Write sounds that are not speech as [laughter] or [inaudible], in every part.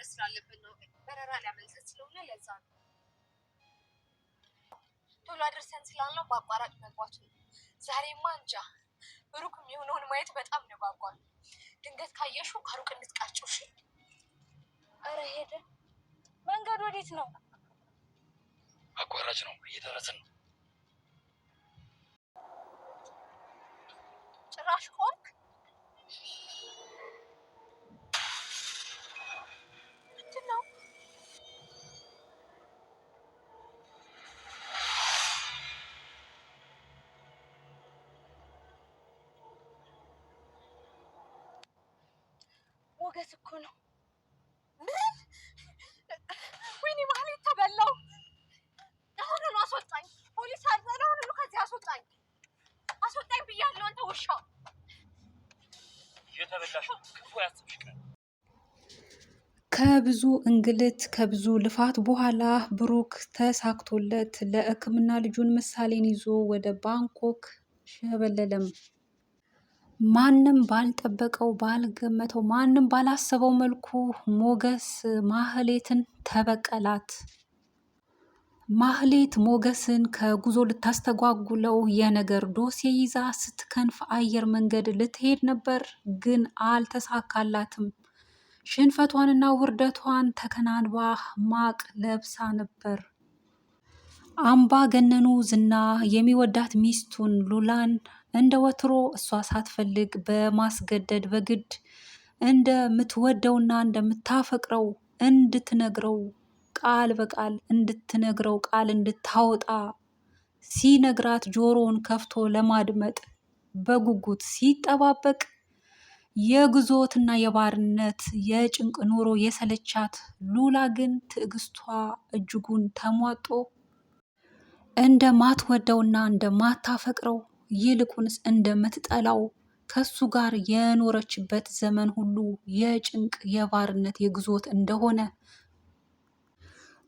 መድረስ ስላለብን ነው። በረራ ሊያመልጠት ስለሆነ ለዛ ነው ቶሎ አድርሰን ስላለው በአቋራጭ መግባቱ ነው። ዛሬማ እንጃ ሩቅ የሆነውን ማየት በጣም ነው ጓጓል። ድንገት ካየሹ ከሩቅ እንድትቃጭው ሽ ኧረ ሄደ። መንገድ ወዴት ነው? አቋራጭ ነው፣ እየደረስን ነው። ጭራሽ ቆ ሞገስ እኮ ነው። ምን? ወይኔ ባህል ተበላው። አሁን ነው አስወጣኝ። ፖሊስ አለ። አሁን ነው ከዚህ አስወጣኝ፣ አስወጣኝ ብያለሁ። አንተ ውሻ ከብዙ እንግልት ከብዙ ልፋት በኋላ ብሩክ ተሳክቶለት ለሕክምና ልጁን ምሳሌን ይዞ ወደ ባንኮክ ሸበለለም። ማንም ባልጠበቀው ባልገመተው ማንም ባላሰበው መልኩ ሞገስ ማህሌትን ተበቀላት። ማህሌት ሞገስን ከጉዞ ልታስተጓጉለው የነገር ዶሴ ይዛ ስትከንፍ አየር መንገድ ልትሄድ ነበር፣ ግን አልተሳካላትም። ሽንፈቷንና ውርደቷን ተከናንባ ማቅ ለብሳ ነበር። አምባገነኑ ዝና የሚወዳት ሚስቱን ሉላን እንደ ወትሮ እሷ ሳትፈልግ በማስገደድ በግድ እንደምትወደውና እንደምታፈቅረው እንድትነግረው ቃል በቃል እንድትነግረው ቃል እንድታወጣ ሲነግራት ጆሮውን ከፍቶ ለማድመጥ በጉጉት ሲጠባበቅ የግዞትና የባርነት የጭንቅ ኑሮ የሰለቻት ሉላ ግን ትዕግስቷ እጅጉን ተሟጦ እንደማትወደውና እንደማታፈቅረው ይልቁንስ እንደምትጠላው ከሱ ጋር የኖረችበት ዘመን ሁሉ የጭንቅ የባርነት የግዞት እንደሆነ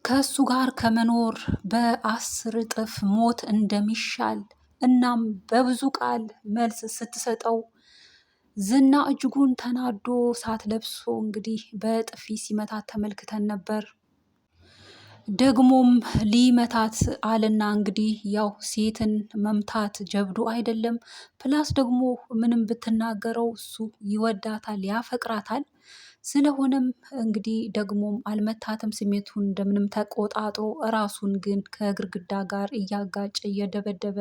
ከሱ ጋር ከመኖር በአስር እጥፍ ሞት እንደሚሻል እናም በብዙ ቃል መልስ ስትሰጠው ዝና እጅጉን ተናዶ ሳት ለብሶ እንግዲህ በጥፊ ሲመታት ተመልክተን ነበር። ደግሞም ሊመታት አለና እንግዲህ ያው ሴትን መምታት ጀብዱ አይደለም። ፕላስ ደግሞ ምንም ብትናገረው እሱ ይወዳታል፣ ያፈቅራታል። ስለሆነም እንግዲህ ደግሞም አልመታትም። ስሜቱን እንደምንም ተቆጣጥሮ እራሱን ግን ከግርግዳ ጋር እያጋጨ እየደበደበ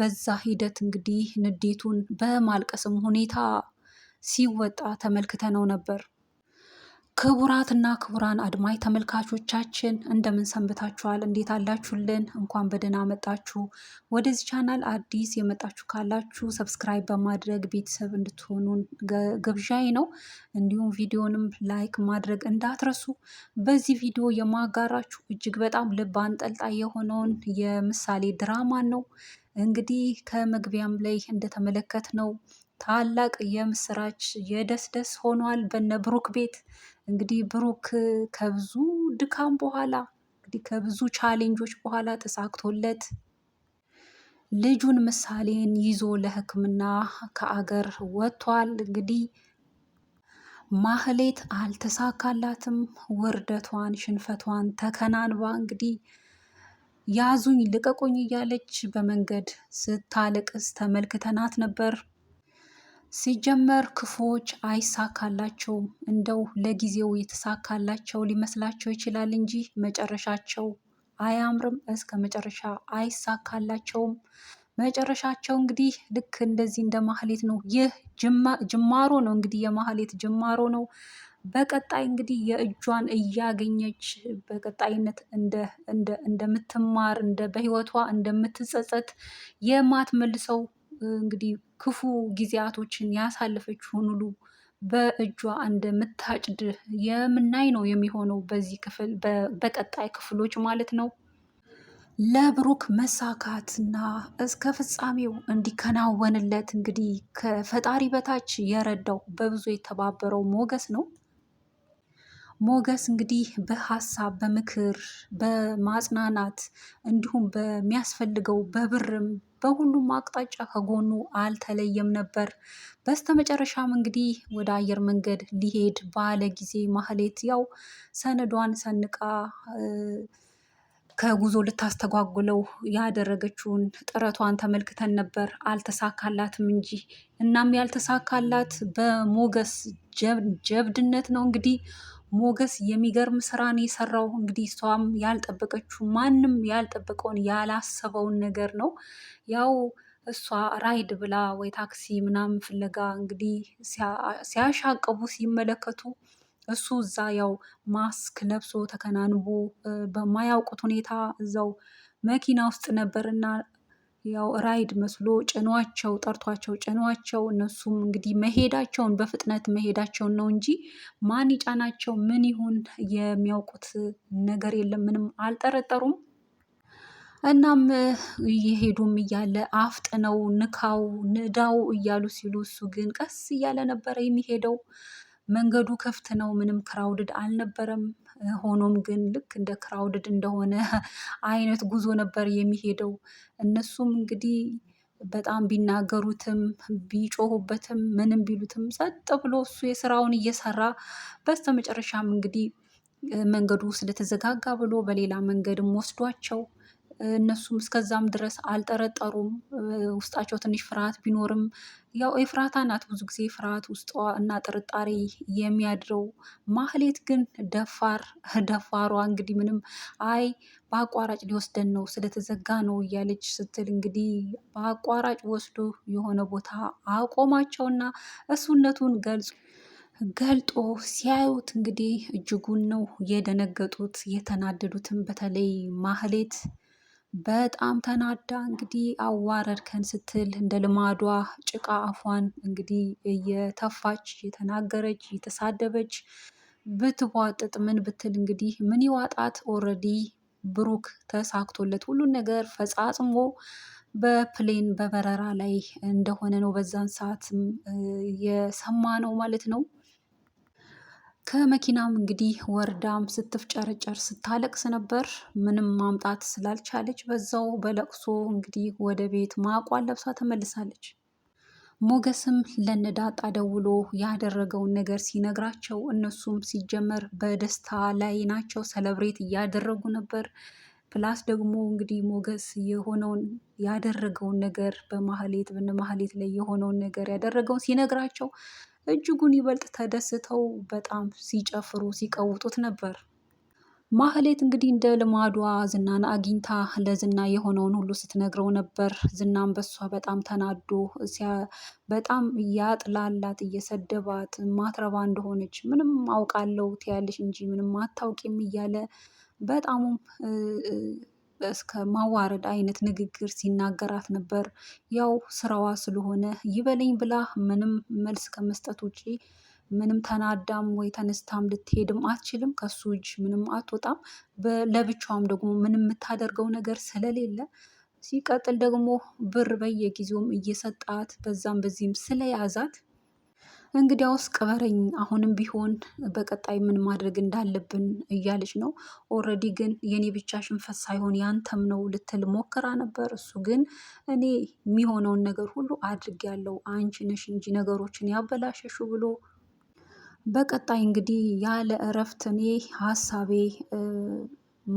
በዛ ሂደት እንግዲህ ንዴቱን በማልቀስም ሁኔታ ሲወጣ ተመልክተነው ነበር። ክቡራትና ክቡራን አድማጭ ተመልካቾቻችን እንደምን ሰንብታችኋል? እንዴት አላችሁልን? እንኳን በደህና መጣችሁ። ወደዚህ ቻናል አዲስ የመጣችሁ ካላችሁ ሰብስክራይብ በማድረግ ቤተሰብ እንድትሆኑን ግብዣዬ ነው። እንዲሁም ቪዲዮንም ላይክ ማድረግ እንዳትረሱ። በዚህ ቪዲዮ የማጋራችሁ እጅግ በጣም ልብ አንጠልጣይ የሆነውን የምሳሌ ድራማ ነው። እንግዲህ ከመግቢያም ላይ እንደተመለከት ነው ታላቅ የምስራች የደስደስ ሆኗል በነ ብሩክ ቤት። እንግዲህ ብሩክ ከብዙ ድካም በኋላ እንግዲህ ከብዙ ቻሌንጆች በኋላ ተሳክቶለት ልጁን ምሳሌን ይዞ ለሕክምና ከአገር ወጥቷል። እንግዲህ ማህሌት አልተሳካላትም። ውርደቷን ሽንፈቷን ተከናንባ እንግዲህ ያዙኝ ልቀቁኝ እያለች በመንገድ ስታለቅስ ተመልክተናት ነበር። ሲጀመር ክፉዎች አይሳካላቸውም። እንደው ለጊዜው የተሳካላቸው ሊመስላቸው ይችላል እንጂ መጨረሻቸው አያምርም። እስከ መጨረሻ አይሳካላቸውም። መጨረሻቸው እንግዲህ ልክ እንደዚህ እንደ ማህሌት ነው። ይህ ጅማሮ ነው እንግዲህ የማህሌት ጅማሮ ነው። በቀጣይ እንግዲህ የእጇን እያገኘች በቀጣይነት እንደምትማር እንደ በህይወቷ እንደምትጸጸት የማትመልሰው እንግዲህ ክፉ ጊዜያቶችን ያሳለፈችውን ሁሉ በእጇ እንደምታጭድ የምናይ ነው የሚሆነው በዚህ ክፍል በቀጣይ ክፍሎች ማለት ነው። ለብሩክ መሳካትና እስከ ፍጻሜው እንዲከናወንለት እንግዲህ ከፈጣሪ በታች የረዳው በብዙ የተባበረው ሞገስ ነው። ሞገስ እንግዲህ በሀሳብ በምክር በማጽናናት እንዲሁም በሚያስፈልገው በብርም በሁሉም አቅጣጫ ከጎኑ አልተለየም ነበር። በስተመጨረሻም እንግዲህ ወደ አየር መንገድ ሊሄድ ባለ ጊዜ ማህሌት ያው ሰነዷን ሰንቃ ከጉዞ ልታስተጓጉለው ያደረገችውን ጥረቷን ተመልክተን ነበር። አልተሳካላትም እንጂ እናም ያልተሳካላት በሞገስ ጀብድነት ነው እንግዲህ ሞገስ የሚገርም ስራን የሰራው እንግዲህ እሷም ያልጠበቀችው ማንም ያልጠበቀውን ያላሰበውን ነገር ነው ያው እሷ ራይድ ብላ ወይ ታክሲ ምናምን ፍለጋ እንግዲህ ሲያሻቅቡ ሲመለከቱ እሱ እዛ ያው ማስክ ለብሶ ተከናንቦ በማያውቁት ሁኔታ እዛው መኪና ውስጥ ነበር እና ያው ራይድ መስሎ ጭኗቸው ጠርቷቸው ጭኗቸው እነሱም እንግዲህ መሄዳቸውን በፍጥነት መሄዳቸውን ነው እንጂ ማን ይጫናቸው ምን ይሁን የሚያውቁት ነገር የለም። ምንም አልጠረጠሩም። እናም እየሄዱም እያለ አፍጥነው ንካው ንዳው እያሉ ሲሉ እሱ ግን ቀስ እያለ ነበረ የሚሄደው። መንገዱ ክፍት ነው። ምንም ክራውድድ አልነበረም። ሆኖም ግን ልክ እንደ ክራውድድ እንደሆነ አይነት ጉዞ ነበር የሚሄደው። እነሱም እንግዲህ በጣም ቢናገሩትም ቢጮሁበትም ምንም ቢሉትም ጸጥ ብሎ እሱ የስራውን እየሰራ መጨረሻም እንግዲህ መንገዱ ስለተዘጋጋ ብሎ በሌላ መንገድም ወስዷቸው እነሱም እስከዛም ድረስ አልጠረጠሩም። ውስጣቸው ትንሽ ፍርሃት ቢኖርም ያው የፍርሃታ ናት ብዙ ጊዜ ፍርሃት ውስጧ እና ጥርጣሬ የሚያድረው። ማህሌት ግን ደፋር [laughs] ደፋሯ እንግዲህ ምንም አይ በአቋራጭ ሊወስደን ነው ስለተዘጋ ነው እያለች ስትል እንግዲህ በአቋራጭ ወስዶ የሆነ ቦታ አቆማቸውና እሱነቱን ገልጾ ገልጦ ሲያዩት እንግዲህ እጅጉን ነው የደነገጡት የተናደዱትም። በተለይ ማህሌት በጣም ተናዳ እንግዲህ አዋረድከን ስትል እንደ ልማዷ ጭቃ አፏን እንግዲህ እየተፋች እየተናገረች እየተሳደበች ብትቧጥጥ ምን ብትል እንግዲህ ምን ይዋጣት? ኦልሬዲ ብሩክ ተሳክቶለት ሁሉን ነገር ፈጻጽሞ በፕሌን በበረራ ላይ እንደሆነ ነው በዛን ሰዓትም የሰማ ነው ማለት ነው። ከመኪናም እንግዲህ ወርዳም ስትፍጨረጨር ስታለቅስ ነበር። ምንም ማምጣት ስላልቻለች በዛው በለቅሶ እንግዲህ ወደ ቤት ማቋን ለብሳ ተመልሳለች። ሞገስም ለነዳጣ ደውሎ ያደረገውን ነገር ሲነግራቸው እነሱም ሲጀመር በደስታ ላይ ናቸው፣ ሰለብሬት እያደረጉ ነበር። ፕላስ ደግሞ እንግዲህ ሞገስ የሆነውን ያደረገውን ነገር በማህሌት በነ ማህሌት ላይ የሆነውን ነገር ያደረገውን ሲነግራቸው እጅጉን ይበልጥ ተደስተው በጣም ሲጨፍሩ ሲቀውጡት ነበር። ማህሌት እንግዲህ እንደ ልማዷ ዝናን አግኝታ ለዝና የሆነውን ሁሉ ስትነግረው ነበር። ዝናም በሷ በጣም ተናዶ በጣም እያጥላላት እየሰደባት ማትረባ እንደሆነች ምንም አውቃለሁ ትያለሽ እንጂ ምንም አታውቂም እያለ በጣሙም እስከ ማዋረድ አይነት ንግግር ሲናገራት ነበር። ያው ስራዋ ስለሆነ ይበለኝ ብላ ምንም መልስ ከመስጠት ውጪ ምንም ተናዳም ወይ ተነስታም ልትሄድም አትችልም። ከሱ እጅ ምንም አትወጣም። ለብቻዋም ደግሞ ምንም የምታደርገው ነገር ስለሌለ ሲቀጥል ደግሞ ብር በየጊዜውም እየሰጣት በዛም በዚህም ስለያዛት እንግዲያውስ ቅበረኝ፣ አሁንም ቢሆን በቀጣይ ምን ማድረግ እንዳለብን እያለች ነው። ኦልሬዲ ግን የኔ ብቻ ሽንፈት ሳይሆን ያንተም ነው ልትል ሞከራ ነበር። እሱ ግን እኔ የሚሆነውን ነገር ሁሉ አድርጌያለሁ፣ አንቺ ነሽ እንጂ ነገሮችን ያበላሸሹ ብሎ በቀጣይ እንግዲህ ያለ እረፍት እኔ ሀሳቤ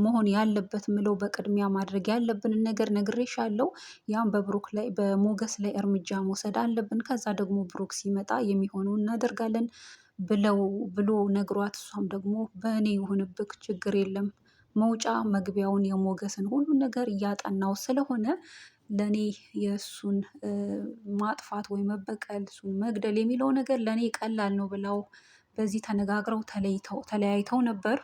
መሆን ያለበት ምለው በቅድሚያ ማድረግ ያለብንን ነገር ነግሬሻለሁ። ያም በብሩክ ላይ በሞገስ ላይ እርምጃ መውሰድ አለብን። ከዛ ደግሞ ብሩክ ሲመጣ የሚሆነው እናደርጋለን ብለው ብሎ ነግሯት፣ እሷም ደግሞ በእኔ የሆንብክ ችግር የለም መውጫ መግቢያውን የሞገስን ሁሉ ነገር እያጠናው ስለሆነ ለእኔ የእሱን ማጥፋት ወይ መበቀል እሱን መግደል የሚለው ነገር ለእኔ ቀላል ነው ብለው በዚህ ተነጋግረው ተለያይተው ነበር።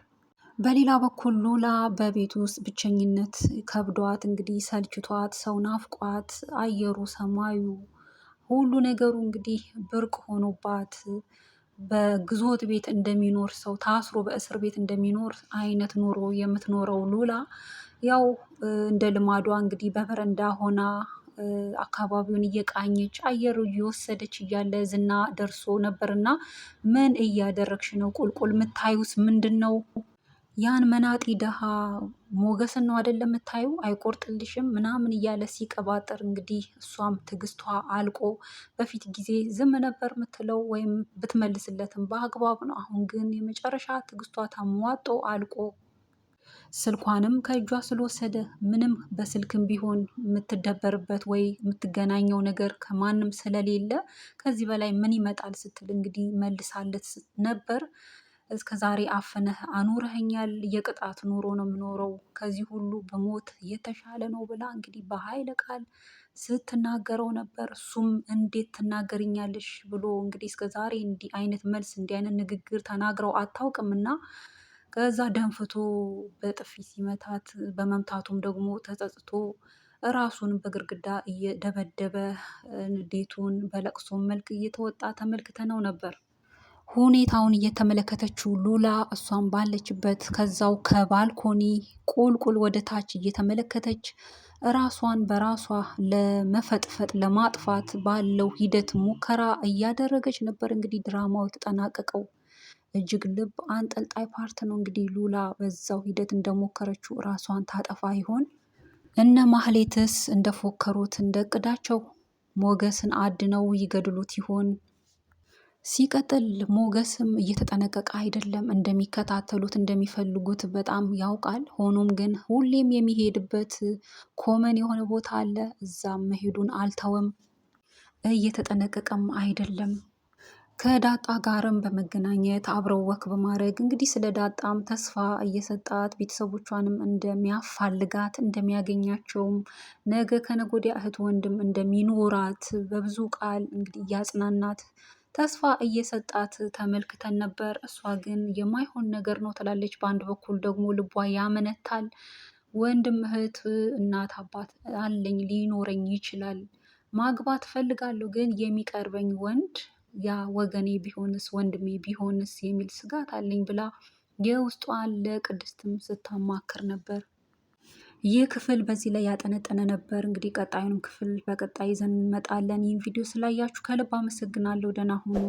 በሌላ በኩል ሉላ በቤት ውስጥ ብቸኝነት ከብዷት እንግዲህ ሰልችቷት ሰው ናፍቋት አየሩ ሰማዩ ሁሉ ነገሩ እንግዲህ ብርቅ ሆኖባት በግዞት ቤት እንደሚኖር ሰው ታስሮ በእስር ቤት እንደሚኖር አይነት ኑሮ የምትኖረው ሉላ ያው እንደ ልማዷ እንግዲህ በበረንዳ ሆና አካባቢውን እየቃኘች አየር እየወሰደች እያለ ዝና ደርሶ ነበርና ምን እያደረግሽ ነው? ቁልቁል የምታዩስ ምንድን ነው? ያን መናጢ ደሃ ሞገስን ነው አይደለም የምታዩ አይቆርጥልሽም ምናምን እያለ ሲቀባጠር እንግዲህ እሷም ትግስቷ አልቆ በፊት ጊዜ ዝም ነበር የምትለው ወይም ብትመልስለትም በአግባብ ነው። አሁን ግን የመጨረሻ ትግስቷ ታሟጦ አልቆ ስልኳንም ከእጇ ስለወሰደ ምንም በስልክም ቢሆን የምትደበርበት ወይ የምትገናኘው ነገር ከማንም ስለሌለ ከዚህ በላይ ምን ይመጣል ስትል እንግዲህ መልሳለት ነበር። እስከ ዛሬ አፍነህ አኑረኸኛል። የቅጣት ኑሮ ነው የምኖረው ከዚህ ሁሉ በሞት የተሻለ ነው ብላ እንግዲህ በኃይለ ቃል ስትናገረው ነበር። እሱም እንዴት ትናገርኛለሽ ብሎ እንግዲህ እስከ ዛሬ እንዲህ አይነት መልስ እንዲህ አይነት ንግግር ተናግረው አታውቅም እና ከዛ ደንፍቶ በጥፊ ሲመታት በመምታቱም ደግሞ ተጸጽቶ ራሱን በግርግዳ እየደበደበ ንዴቱን በለቅሶ መልክ እየተወጣ ተመልክተነው ነበር። ሁኔታውን እየተመለከተችው ሉላ እሷን ባለችበት ከዛው ከባልኮኒ ቁልቁል ወደ ታች እየተመለከተች ራሷን በራሷ ለመፈጥፈጥ ለማጥፋት ባለው ሂደት ሙከራ እያደረገች ነበር። እንግዲህ ድራማው የተጠናቀቀው እጅግ ልብ አንጠልጣይ ፓርት ነው። እንግዲህ ሉላ በዛው ሂደት እንደሞከረችው ራሷን ታጠፋ ይሆን? እነ ማህሌትስ እንደፎከሩት እንደ እቅዳቸው ሞገስን አድነው ይገድሉት ይሆን? ሲቀጥል ሞገስም እየተጠነቀቀ አይደለም። እንደሚከታተሉት እንደሚፈልጉት በጣም ያውቃል። ሆኖም ግን ሁሌም የሚሄድበት ኮመን የሆነ ቦታ አለ። እዛም መሄዱን አልተወም። እየተጠነቀቀም አይደለም። ከዳጣ ጋርም በመገናኘት አብረው ወክ በማድረግ እንግዲህ ስለ ዳጣም ተስፋ እየሰጣት ቤተሰቦቿንም እንደሚያፋልጋት እንደሚያገኛቸውም ነገ ከነጎዲያ እህት ወንድም እንደሚኖራት በብዙ ቃል እንግዲህ እያጽናናት ተስፋ እየሰጣት ተመልክተን ነበር። እሷ ግን የማይሆን ነገር ነው ትላለች። በአንድ በኩል ደግሞ ልቧ ያመነታል። ወንድም፣ እህት፣ እናት፣ አባት አለኝ ሊኖረኝ ይችላል። ማግባት ፈልጋለሁ ግን የሚቀርበኝ ወንድ ያ ወገኔ ቢሆንስ ወንድሜ ቢሆንስ የሚል ስጋት አለኝ ብላ የውስጧን ለቅድስትም ስታማክር ነበር። ይህ ክፍል በዚህ ላይ ያጠነጠነ ነበር። እንግዲህ ቀጣዩንም ክፍል በቀጣይ ይዘን እንመጣለን። ይህን ቪዲዮ ስላያችሁ ከልብ አመሰግናለሁ። ደህና ሁኑ።